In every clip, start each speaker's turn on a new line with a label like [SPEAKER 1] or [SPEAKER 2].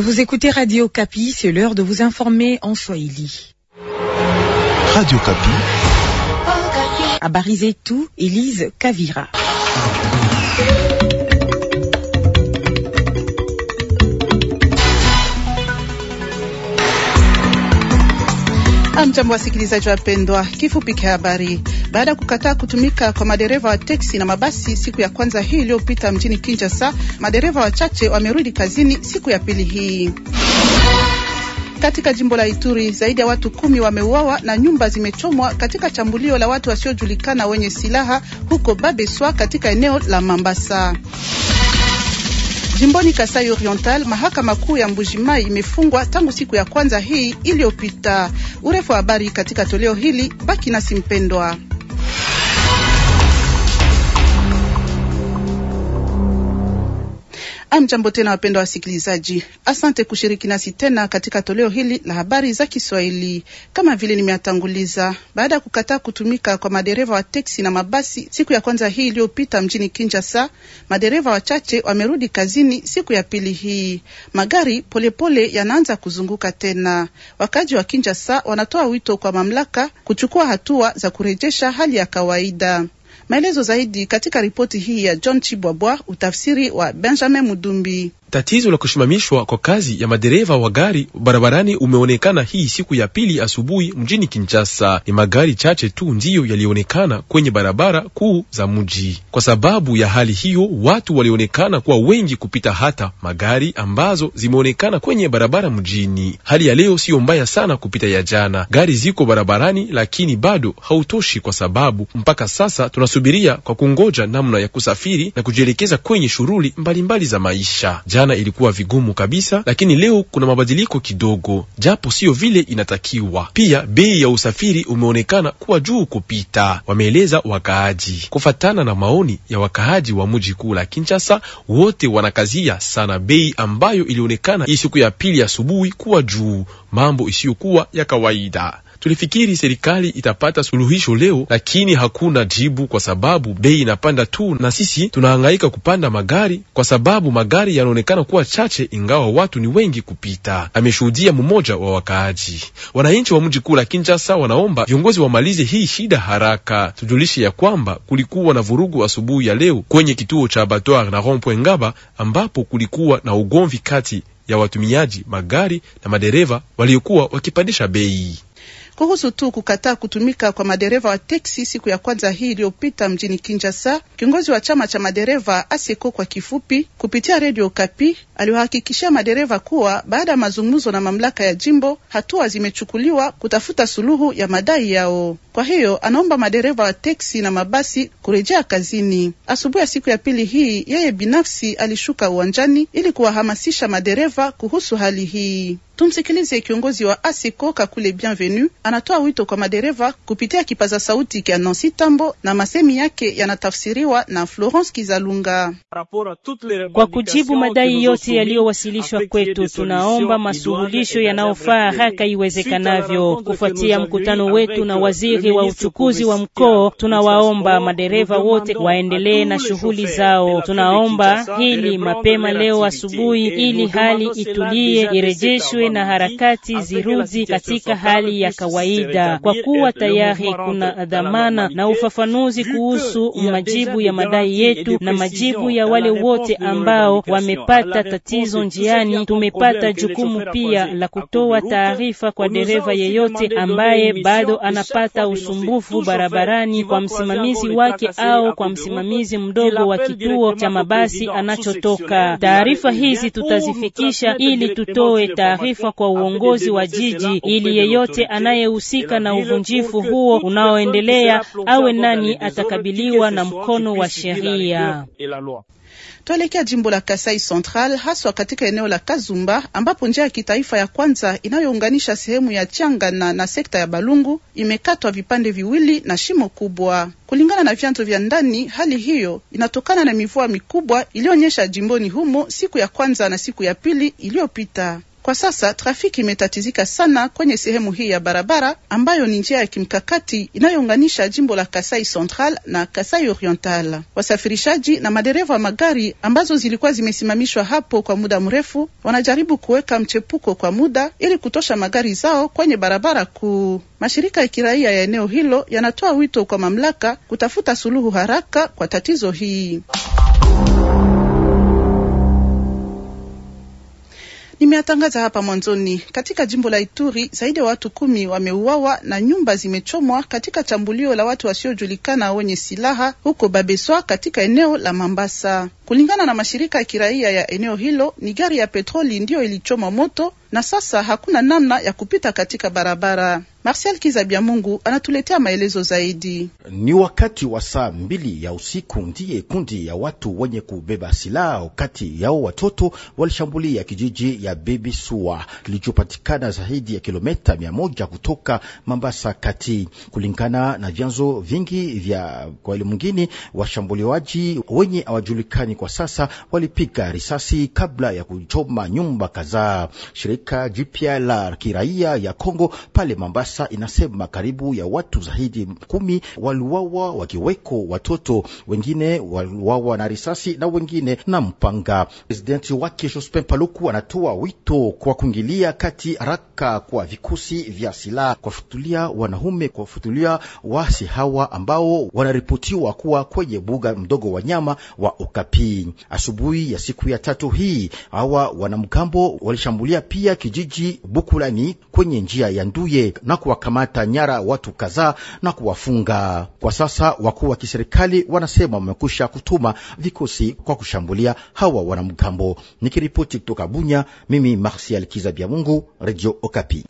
[SPEAKER 1] Vous écoutez Radio Capi, c'est l'heure de vous informer en Swahili. Radio Capi. À tout, Elise Kavira.
[SPEAKER 2] Amjambo wasikilizaji wapendwa, kifupi cha habari. baada ya kukataa kutumika kwa madereva wa teksi na mabasi siku ya kwanza hii iliyopita mjini Kinshasa. Madereva wachache wamerudi kazini siku ya pili hii. Katika jimbo la Ituri zaidi ya watu kumi wameuawa na nyumba zimechomwa katika shambulio la watu wasiojulikana wenye silaha huko Babeswa katika eneo la Mambasa. Jimboni Kasai Oriental, mahakama kuu ya Mbujimai imefungwa tangu siku ya kwanza hii iliyopita. Urefu wa habari katika toleo hili, baki nasi mpendwa. Amjambo tena wapendwa wasikilizaji, asante kushiriki nasi tena katika toleo hili la habari za Kiswahili. Kama vile nimeatanguliza, baada ya kukataa kutumika kwa madereva wa teksi na mabasi siku ya kwanza hii iliyopita mjini Kinshasa, madereva wachache wamerudi kazini siku ya pili hii. Magari polepole yanaanza kuzunguka tena. Wakaji wa Kinshasa wanatoa wito kwa mamlaka kuchukua hatua za kurejesha hali ya kawaida. Maelezo zaidi katika ripoti hii ya John Chibwabwa, utafsiri wa Benjamin Mudumbi.
[SPEAKER 3] Tatizo la kusimamishwa kwa kazi ya madereva wa gari barabarani umeonekana hii siku ya pili asubuhi mjini Kinshasa. Ni magari chache tu ndiyo yalionekana kwenye barabara kuu za mji. Kwa sababu ya hali hiyo, watu walionekana kuwa wengi kupita hata magari ambazo zimeonekana kwenye barabara mjini. Hali ya leo siyo mbaya sana kupita ya jana. Gari ziko barabarani, lakini bado hautoshi, kwa sababu mpaka sasa tunasubiria kwa kungoja namna ya kusafiri na kujielekeza kwenye shughuli mbalimbali za maisha jana ilikuwa vigumu kabisa, lakini leo kuna mabadiliko kidogo, japo siyo vile inatakiwa. Pia bei ya usafiri umeonekana kuwa juu kupita, wameeleza wakaaji. Kufatana na maoni ya wakaaji wa mji kuu la Kinshasa, wote wanakazia sana bei ambayo ilionekana hii siku ya pili asubuhi kuwa juu, mambo isiyokuwa ya kawaida. Tulifikiri serikali itapata suluhisho leo, lakini hakuna jibu kwa sababu bei inapanda tu, na sisi tunahangaika kupanda magari kwa sababu magari yanaonekana kuwa chache, ingawa watu ni wengi kupita, ameshuhudia mmoja wa wakaaji. Wananchi wa mji kuu la Kinshasa wanaomba viongozi wamalize hii shida haraka. Tujulishe ya kwamba kulikuwa na vurugu asubuhi ya leo kwenye kituo cha Abattoir na Rond-Point Ngaba ambapo kulikuwa na ugomvi kati ya watumiaji magari na madereva waliokuwa wakipandisha bei. Kuhusu tu
[SPEAKER 2] kukataa kutumika kwa madereva wa teksi siku ya kwanza hii iliyopita mjini Kinshasa, kiongozi wa chama cha madereva aseko kwa kifupi, kupitia redio Kapi aliwahakikishia madereva kuwa baada ya mazungumzo na mamlaka ya jimbo hatua zimechukuliwa kutafuta suluhu ya madai yao. Kwa hiyo anaomba madereva wa teksi na mabasi kurejea kazini. Asubuhi ya siku ya pili hii, yeye binafsi alishuka uwanjani ili kuwahamasisha madereva kuhusu hali hii. Tumsikilize kiongozi wa asiko Kakule Bienvenu, anatoa wito kwa madereva kupitia kipaza sauti kya Nancy Tambo, na masemi yake yanatafsiriwa na Florence Kizalunga. Kwa kujibu madai yote yaliyowasilishwa
[SPEAKER 4] kwetu, tunaomba masuluhisho yanayofaa haraka iwezekanavyo. Kufuatia mkutano wetu na waziri wa uchukuzi wa mkoo tunawaomba madereva wote waendelee na shughuli zao. Tunaomba hili mapema leo asubuhi, ili hali itulie, irejeshwe na harakati zirudi katika hali ya kawaida, kwa kuwa tayari kuna dhamana na ufafanuzi kuhusu majibu ya madai yetu na majibu ya wale wote ambao wamepata tatizo njiani. Tumepata jukumu pia la kutoa taarifa kwa dereva yeyote ambaye bado anapata usumbufu barabarani, kwa msimamizi wake au kwa msimamizi mdogo wa kituo cha mabasi anachotoka. Taarifa hizi tutazifikisha ili tutoe taarifa taarifa kwa uongozi wa jiji ili yeyote anayehusika na uvunjifu huo unaoendelea awe nani atakabiliwa na mkono wa
[SPEAKER 2] sheria. Tuelekea jimbo la Kasai Central, haswa katika eneo la Kazumba ambapo njia ya kitaifa ya kwanza inayounganisha sehemu ya Changana na sekta ya Balungu imekatwa vipande viwili na shimo kubwa. Kulingana na vyanzo vya ndani, hali hiyo inatokana na mivua mikubwa iliyoonyesha jimboni humo siku ya kwanza na siku ya pili iliyopita. Kwa sasa trafiki imetatizika sana kwenye sehemu hii ya barabara ambayo ni njia ya kimkakati inayounganisha jimbo la Kasai Central na Kasai Oriental. Wasafirishaji na madereva wa magari ambazo zilikuwa zimesimamishwa hapo kwa muda mrefu wanajaribu kuweka mchepuko kwa muda ili kutosha magari zao kwenye barabara kuu. Mashirika ya kiraia ya eneo hilo yanatoa wito kwa mamlaka kutafuta suluhu haraka kwa tatizo hii. nimeatangaza hapa mwanzoni. Katika jimbo la Ituri zaidi ya watu kumi wameuawa na nyumba zimechomwa katika chambulio la watu wasiojulikana wenye silaha huko Babeswa katika eneo la Mambasa. Kulingana na mashirika ya kiraia ya eneo hilo, ni gari ya petroli ndiyo ilichoma moto na sasa hakuna namna ya kupita katika barabara. Marsial Kizabia Mungu anatuletea maelezo zaidi.
[SPEAKER 5] Ni wakati wa saa mbili ya usiku ndiye kundi ya watu wenye kubeba silaha, wakati yao watoto walishambulia kijiji ya Bebisua kilichopatikana zaidi ya kilometa mia moja kutoka Mambasa kati. Kulingana na vyanzo vingi vya kwa mwingine, washambuliwaji wenye hawajulikani kwa sasa walipiga risasi kabla ya kuchoma nyumba kadhaa. Shirika jipya la kiraia ya Kongo pale Mambasa inasema karibu ya watu zaidi kumi waliuawa, wakiweko watoto wengine waliuawa na risasi na wengine na mpanga. Presidenti wake Jospin Paluku anatoa wito kwa kuingilia kati haraka kwa vikosi vya silaha kuwafutulia wanaume, kuwafutulia wasi hawa ambao wanaripotiwa kuwa kwenye buga mdogo wa nyama wa Okapi hii. Asubuhi ya siku ya tatu hii hawa wanamgambo walishambulia pia kijiji Bukulani kwenye njia ya Nduye na kuwakamata nyara watu kadhaa na kuwafunga. Kwa sasa wakuu wa kiserikali wanasema wamekusha kutuma vikosi kwa kushambulia hawa wanamgambo. Nikiripoti kutoka Bunya, mimi Marsial Kizabiamungu, Mungu, Radio Okapi.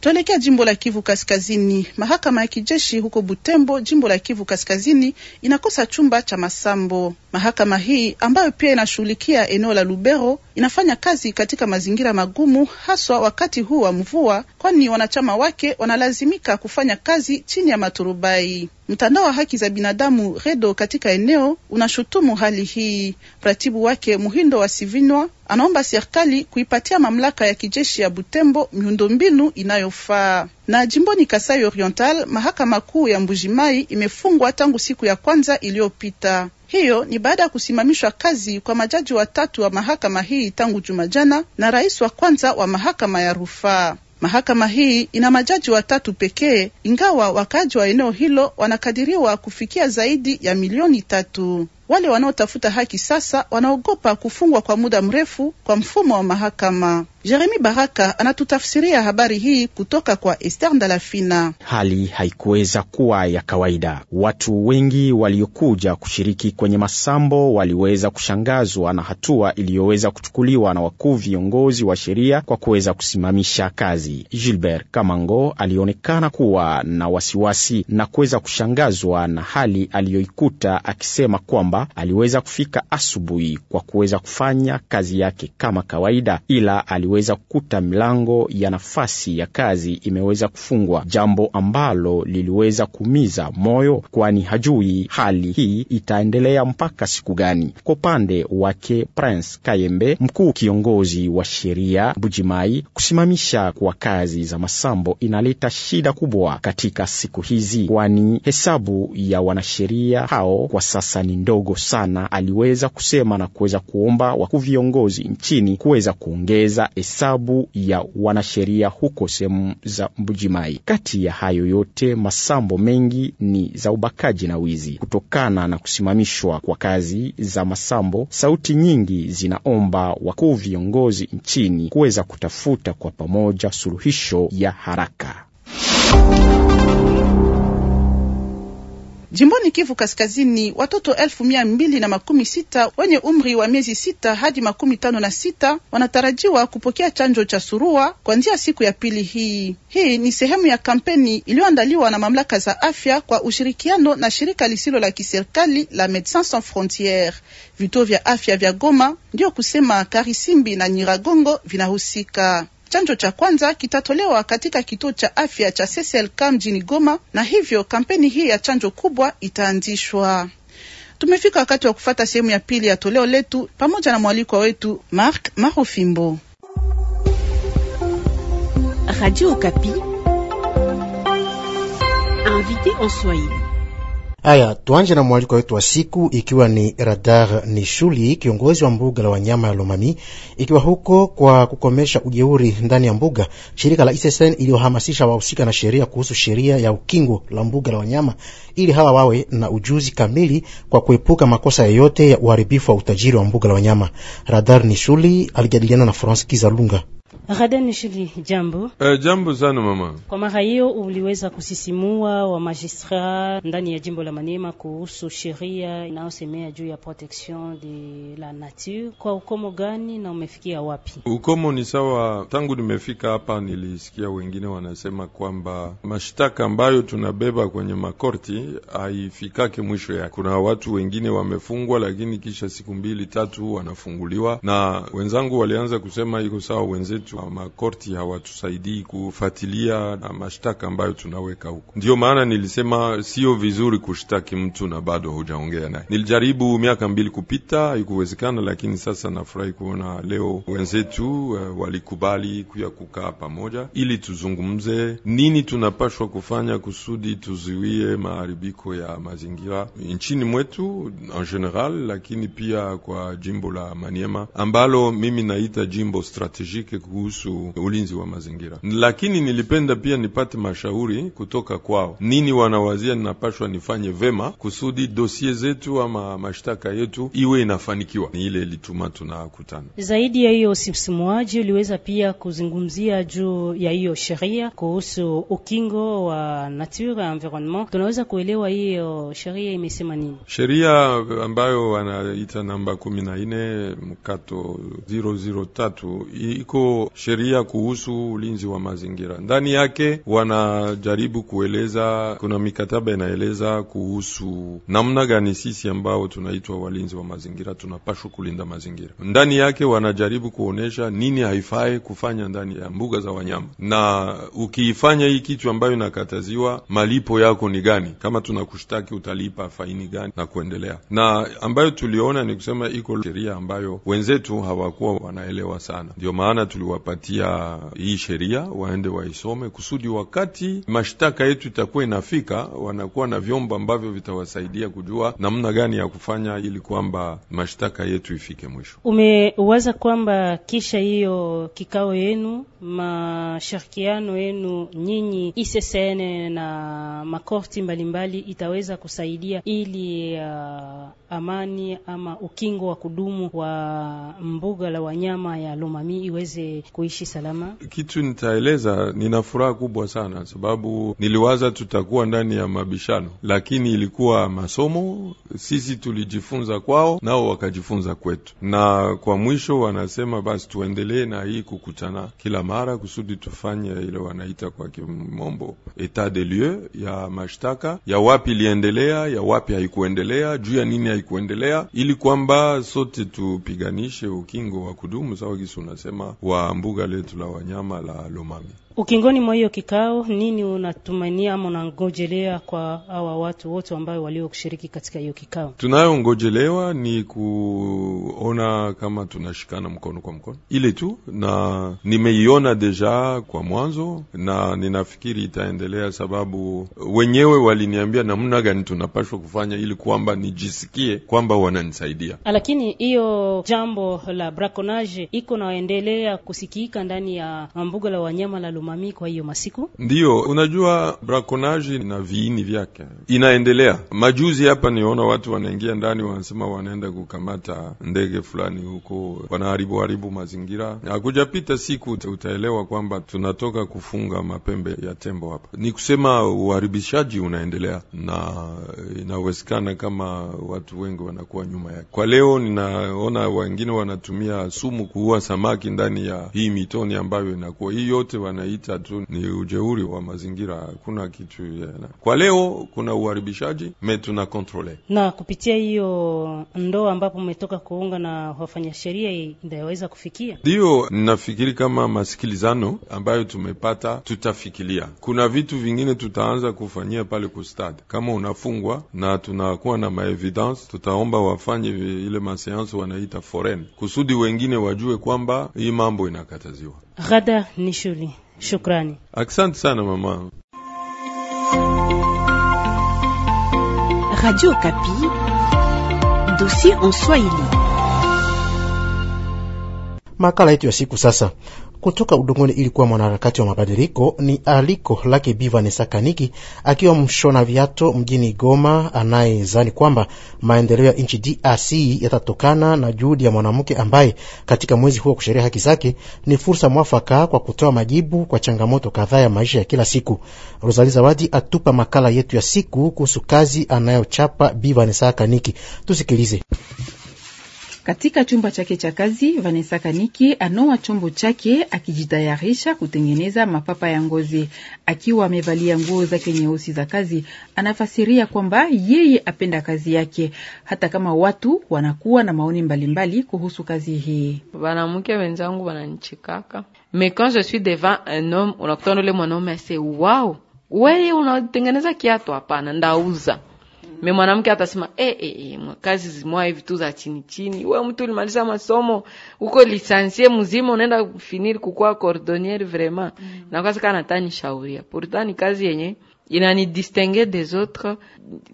[SPEAKER 2] Tuelekea jimbo la Kivu Kaskazini. Mahakama ya kijeshi huko Butembo, jimbo la Kivu Kaskazini, inakosa chumba cha masambo. Mahakama hii ambayo pia inashughulikia eneo la Lubero inafanya kazi katika mazingira magumu, haswa wakati huu wa mvua, kwani wanachama wake wanalazimika kufanya kazi chini ya maturubai. Mtandao wa haki za binadamu REDO katika eneo unashutumu hali hii. Mratibu wake Muhindo wa Sivinwa anaomba serikali kuipatia mamlaka ya kijeshi ya Butembo miundombinu inayo inayofaa. Na jimboni Kasai Oriental, mahakama kuu ya Mbujimai imefungwa tangu siku ya kwanza iliyopita. Hiyo ni baada ya kusimamishwa kazi kwa majaji watatu wa mahakama hii tangu juma jana na rais wa kwanza wa mahakama ya rufaa. Mahakama hii ina majaji watatu pekee, ingawa wakaaji wa eneo hilo wanakadiriwa kufikia zaidi ya milioni tatu. Wale wanaotafuta haki sasa wanaogopa kufungwa kwa muda mrefu kwa mfumo wa mahakama. Jeremi Baraka anatutafsiria habari hii kutoka kwa Ester Ndalafina.
[SPEAKER 6] Hali haikuweza kuwa ya kawaida. Watu wengi waliokuja kushiriki kwenye masambo waliweza kushangazwa na hatua iliyoweza kuchukuliwa na wakuu viongozi wa sheria kwa kuweza kusimamisha kazi. Gilbert Kamango alionekana kuwa na wasiwasi na kuweza kushangazwa na hali aliyoikuta akisema kwamba kwamba aliweza kufika asubuhi kwa kuweza kufanya kazi yake kama kawaida, ila aliweza kukuta milango ya nafasi ya kazi imeweza kufungwa, jambo ambalo liliweza kuumiza moyo, kwani hajui hali hii itaendelea mpaka siku gani. Kwa upande wake, Prince Kayembe, mkuu kiongozi wa sheria Bujimai, kusimamisha kwa kazi za Masambo inaleta shida kubwa katika siku hizi, kwani hesabu ya wanasheria hao kwa sasa ni ndogo kidogo sana, aliweza kusema na kuweza kuomba wakuu viongozi nchini kuweza kuongeza hesabu ya wanasheria huko sehemu za Mbujimai. Kati ya hayo yote, masambo mengi ni za ubakaji na wizi. Kutokana na kusimamishwa kwa kazi za masambo, sauti nyingi zinaomba wakuu viongozi nchini kuweza kutafuta kwa pamoja suluhisho ya haraka.
[SPEAKER 2] Jimboni Kivu Kaskazini, watoto elfu mia mbili na makumi sita wenye umri wa miezi sita hadi makumi tano na sita wanatarajiwa kupokea chanjo cha surua kuanzia siku ya pili hii. Hii ni sehemu ya kampeni iliyoandaliwa na mamlaka za afya kwa ushirikiano na shirika lisilo la kiserikali la Medecins Sans Frontieres. Vituo vya afya vya Goma, ndiyo kusema Karisimbi na Nyiragongo, vinahusika. Chanjo cha kwanza kitatolewa katika kituo cha afya cha CCLK mjini Goma, na hivyo kampeni hii ya chanjo kubwa itaanzishwa. Tumefika wakati wa kufata sehemu ya pili ya toleo letu pamoja na mwalikwa wetu Mark Marufimbo. Radio Kapi
[SPEAKER 1] invité en Swahili.
[SPEAKER 7] Aya, tuanje na mwaliko wetu wa siku, ikiwa ni Radar ni shuli kiongozi wa mbuga la wanyama ya Lomami, ikiwa huko kwa kukomesha ujeuri ndani ya mbuga, shirika la ISSN iliyohamasisha wahusika na sheria kuhusu sheria ya ukingo la mbuga la wanyama, ili hawa wawe na ujuzi kamili kwa kuepuka makosa yoyote ya uharibifu wa utajiri wa mbuga la wanyama. Radar ni shuli alijadiliana na France Kizalunga.
[SPEAKER 4] Raden Shili, jambo.
[SPEAKER 8] Eh, jambo sana mama.
[SPEAKER 4] Kwa mara hiyo uliweza kusisimua wa magistrat ndani ya jimbo la Maniema kuhusu sheria inayosemea juu ya protection de la nature. Kwa ukomo gani na umefikia wapi?
[SPEAKER 8] Ukomo ni sawa, tangu nimefika hapa nilisikia wengine wanasema kwamba mashtaka ambayo tunabeba kwenye makorti haifikake mwisho yake. Kuna watu wengine wamefungwa, lakini kisha siku mbili tatu wanafunguliwa, na wenzangu walianza kusema iko sawa wenze zetu makorti hawatusaidii kufatilia mashtaka ambayo tunaweka huko. Ndiyo maana nilisema sio vizuri kushtaki mtu na bado hujaongea naye. Nilijaribu miaka mbili kupita, haikuwezekana, lakini sasa nafurahi kuona leo wenzetu uh, walikubali kuya kukaa pamoja ili tuzungumze nini tunapashwa kufanya kusudi tuzuie maharibiko ya mazingira nchini mwetu en general, lakini pia kwa jimbo la Maniema ambalo mimi naita jimbo strategique kuhusu ulinzi wa mazingira, lakini nilipenda pia nipate mashauri kutoka kwao, nini wanawazia ninapashwa nifanye vema kusudi dosie zetu ama mashtaka yetu iwe inafanikiwa. Ni ile ilituma tunakutana
[SPEAKER 4] zaidi ya hiyo. simsimuaji uliweza pia kuzungumzia juu ya hiyo sheria kuhusu ukingo wa nature environnement Tunaweza kuelewa hiyo sheria imesema nini?
[SPEAKER 8] Sheria ambayo wanaita namba kumi na nne mkato 003 iko sheria kuhusu ulinzi wa mazingira. Ndani yake wanajaribu kueleza, kuna mikataba inaeleza kuhusu namna gani sisi ambao tunaitwa walinzi wa mazingira tunapashwa kulinda mazingira. Ndani yake wanajaribu kuonyesha nini haifai kufanya ndani ya mbuga za wanyama, na ukiifanya hii kitu ambayo inakataziwa, malipo yako ni gani? Kama tunakushtaki utalipa faini gani na kuendelea. Na ambayo tuliona ni kusema iko sheria ambayo wenzetu hawakuwa wanaelewa sana, ndio maana tuli tuliwapatia hii sheria waende waisome, kusudi wakati mashtaka yetu itakuwa inafika, wanakuwa na vyombo ambavyo vitawasaidia kujua namna gani ya kufanya ili kwamba mashtaka yetu ifike mwisho.
[SPEAKER 4] Umewaza kwamba kisha hiyo kikao yenu, mashirikiano yenu nyinyi issn na makorti mbalimbali itaweza kusaidia ili uh, amani ama ukingo wa kudumu wa mbuga la wanyama ya Lomami iweze kuishi salama.
[SPEAKER 8] Kitu nitaeleza, nina furaha kubwa sana sababu niliwaza tutakuwa ndani ya mabishano, lakini ilikuwa masomo, sisi tulijifunza kwao, nao wakajifunza kwetu, na kwa mwisho wanasema basi tuendelee na hii kukutana kila mara kusudi tufanye ile wanaita kwa kimombo etat de lieu ya mashtaka ya wapi iliendelea, ya wapi haikuendelea, juu ya nini haikuendelea, ili kwamba sote tupiganishe ukingo wa kudumu sawa, kisi unasema wa mbuga letu la wanyama la Lomami.
[SPEAKER 4] Ukingoni mwa hiyo kikao, nini unatumania ama unangojelea kwa hawa watu wote ambao walioshiriki katika hiyo kikao?
[SPEAKER 8] Tunayongojelewa ni kuona kama tunashikana mkono kwa mkono, ile tu, na nimeiona deja kwa mwanzo, na ninafikiri itaendelea, sababu wenyewe waliniambia namna gani tunapashwa kufanya ili kwamba nijisikie kwamba wananisaidia.
[SPEAKER 4] Lakini hiyo jambo la braconage iko naendelea kusikika ndani ya mbuga la wanyama la Luma mami, kwa hiyo masiku
[SPEAKER 8] ndiyo unajua brakonaji na viini vyake inaendelea. Majuzi hapa niona watu wanaingia ndani, wanasema wanaenda kukamata ndege fulani huko, wanaharibu haribu mazingira. Hakujapita siku utaelewa kwamba tunatoka kufunga mapembe ya tembo hapa. Ni kusema uharibishaji unaendelea, na inawezekana kama watu wengi wanakuwa nyuma yake. Kwa leo ninaona wengine wanatumia sumu kuua samaki ndani ya hii mitoni ambayo inakuwa hii yote wana tunaita tu ni ujeuri wa mazingira. Hakuna kitu yana. Kwa leo kuna uharibishaji me tuna kontrole
[SPEAKER 4] na kupitia hiyo ndoo ambapo umetoka kuunga na wafanya sheria inayoweza kufikia.
[SPEAKER 8] Ndiyo nafikiri kama masikilizano ambayo tumepata, tutafikilia kuna vitu vingine tutaanza kufanyia pale kustad kama unafungwa na tunakuwa na maevidence, tutaomba wafanye ile maseansi wanaita foren kusudi wengine wajue kwamba hii mambo inakataziwa.
[SPEAKER 4] Rada ni shuli Shukrani,
[SPEAKER 8] asante sana mama.
[SPEAKER 4] Radio
[SPEAKER 7] Kapi, dossier en Swahili. Makala yetu ya siku sasa kutoka udongoni ilikuwa mwanaharakati wa mabadiliko ni aliko lake Bivane Sakaniki akiwa mshona viato mjini Goma, anayezani kwamba maendeleo ya nchi DRC yatatokana na juhudi ya mwanamke ambaye katika mwezi huo wa kusheria haki zake ni fursa mwafaka kwa kutoa majibu kwa changamoto kadhaa ya maisha ya kila siku. Rosali Zawadi atupa makala yetu ya siku kuhusu kazi anayochapa Bivane Sakaniki, tusikilize.
[SPEAKER 1] Katika chumba chake cha kazi, Vanessa Kaniki anoa chombo chake akijitayarisha kutengeneza mapapa ya ngozi. Akiwa amevalia nguo zake nyeusi za kazi, anafasiria kwamba yeye apenda kazi yake, hata kama watu wanakuwa na maoni mbalimbali mbali kuhusu kazi hii.
[SPEAKER 9] Wanamke wenzangu wananichikaka mais quand je suis devant un homme, unakutana ule mwanaume ase, wow, weye unatengeneza kiatu? Hapana, ndauza Mm-hmm. Me mwanamke atasema eh, eh, eh, kazi zimwa hivi tu za chini chini. Wewe mtu ulimaliza masomo, huko lisansie mzima unaenda kufinir kukua cordonnier vraiment. Mm. Na kazi kana tani shauria. Pourtant ni kazi yenye inani distingue des autres.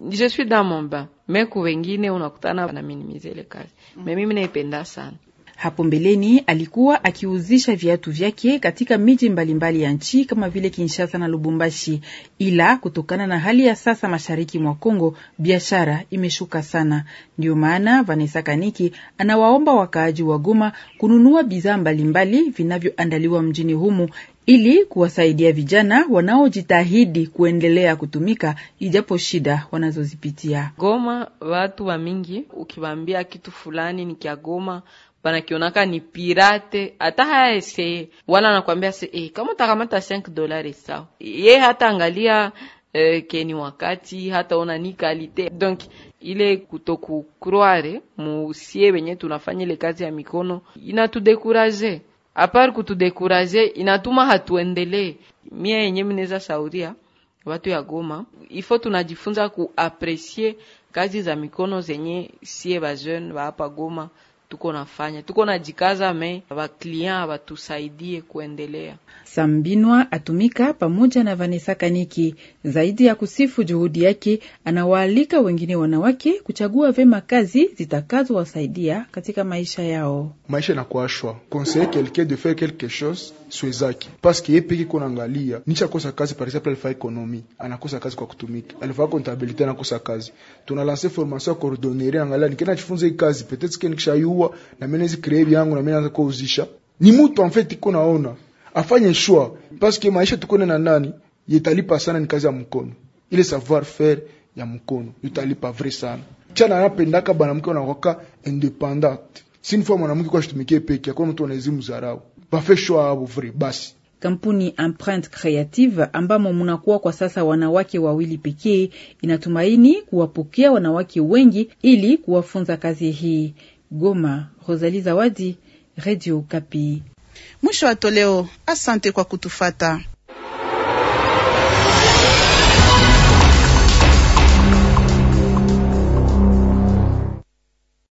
[SPEAKER 9] Je suis dans mon bain. Mais kwa wengine unakutana na minimize ile kazi. Mm. Me mm-hmm. mimi naipenda sana.
[SPEAKER 1] Hapo mbeleni alikuwa akiuzisha viatu vyake katika miji mbalimbali ya nchi kama vile Kinshasa na Lubumbashi, ila kutokana na hali ya sasa mashariki mwa Kongo, biashara imeshuka sana. ndio maana Vanessa Kaniki anawaomba wakaaji wa Goma kununua bidhaa mbalimbali vinavyoandaliwa mjini humu ili kuwasaidia vijana wanaojitahidi kuendelea kutumika ijapo shida wanazozipitia.
[SPEAKER 9] Goma watu wa mingi, ukiwaambia kitu fulani ni kya Goma banakionaka ni pirate, hata haya ese wala anakwambia se eh, kama utakamata 5 dolari sawa, ye hata angalia eh, keni wakati hata ona ni kalite donc ile kutokukroare musie benye tunafanya ile kazi ya mikono inatudekuraje apar kutudekuraje inatuma hatuendelee. Mie yenye mineza shauria watu ya Goma ifo tunajifunza kuapresie kazi za mikono zenye sie ba jeune ba hapa Goma tuko nafanya, tuko najikaza me baklient batusaidie kuendelea.
[SPEAKER 1] Sambinwa atumika pamoja na Vanessa Kaniki. Zaidi ya kusifu juhudi yake, anawaalika wengine wanawake kuchagua vema kazi zitakazowasaidia katika maisha yao.
[SPEAKER 6] Maisha inakuashwa conseiller quelqu'un de faire quelque chose swezaki paske ye peke iko naangalia nisha kosa kazi. Par exemple alifaa ekonomi anakosa kazi kwa kutumika, alifaa kontabilite anakosa kazi. Tuna lanse formation ya coordonnerie, angalia nikienda chifunza kazi peut-etre ke nikishayua na mimi naweza creer yangu na mimi naweza kuuzisha. Ni mutu en fait iko naona afanye shwa paske maisha tukone na nani yetalipa sana ni kazi ya mkono, ile savoir faire ya mkono yetalipa vre sana. Chana anapendaka bana mke anakwaka independant, si ni mwanamke kwa shitumikie peke yako mtu anaezimu zarau vafeshwa vuvuri basi
[SPEAKER 1] Kampuni Empreinte Creative ambamo munakuwa kwa sasa wanawake wawili pekee, inatumaini kuwapokea wanawake wengi ili kuwafunza kazi hii. Goma, Rosali Zawadi, Radio Kapi. Mwisho wa toleo.
[SPEAKER 2] Asante kwa kutufata.